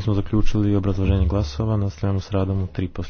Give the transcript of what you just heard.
smo zaključili obrazloženje glasova. Nastavljamo s radom u tri poslije.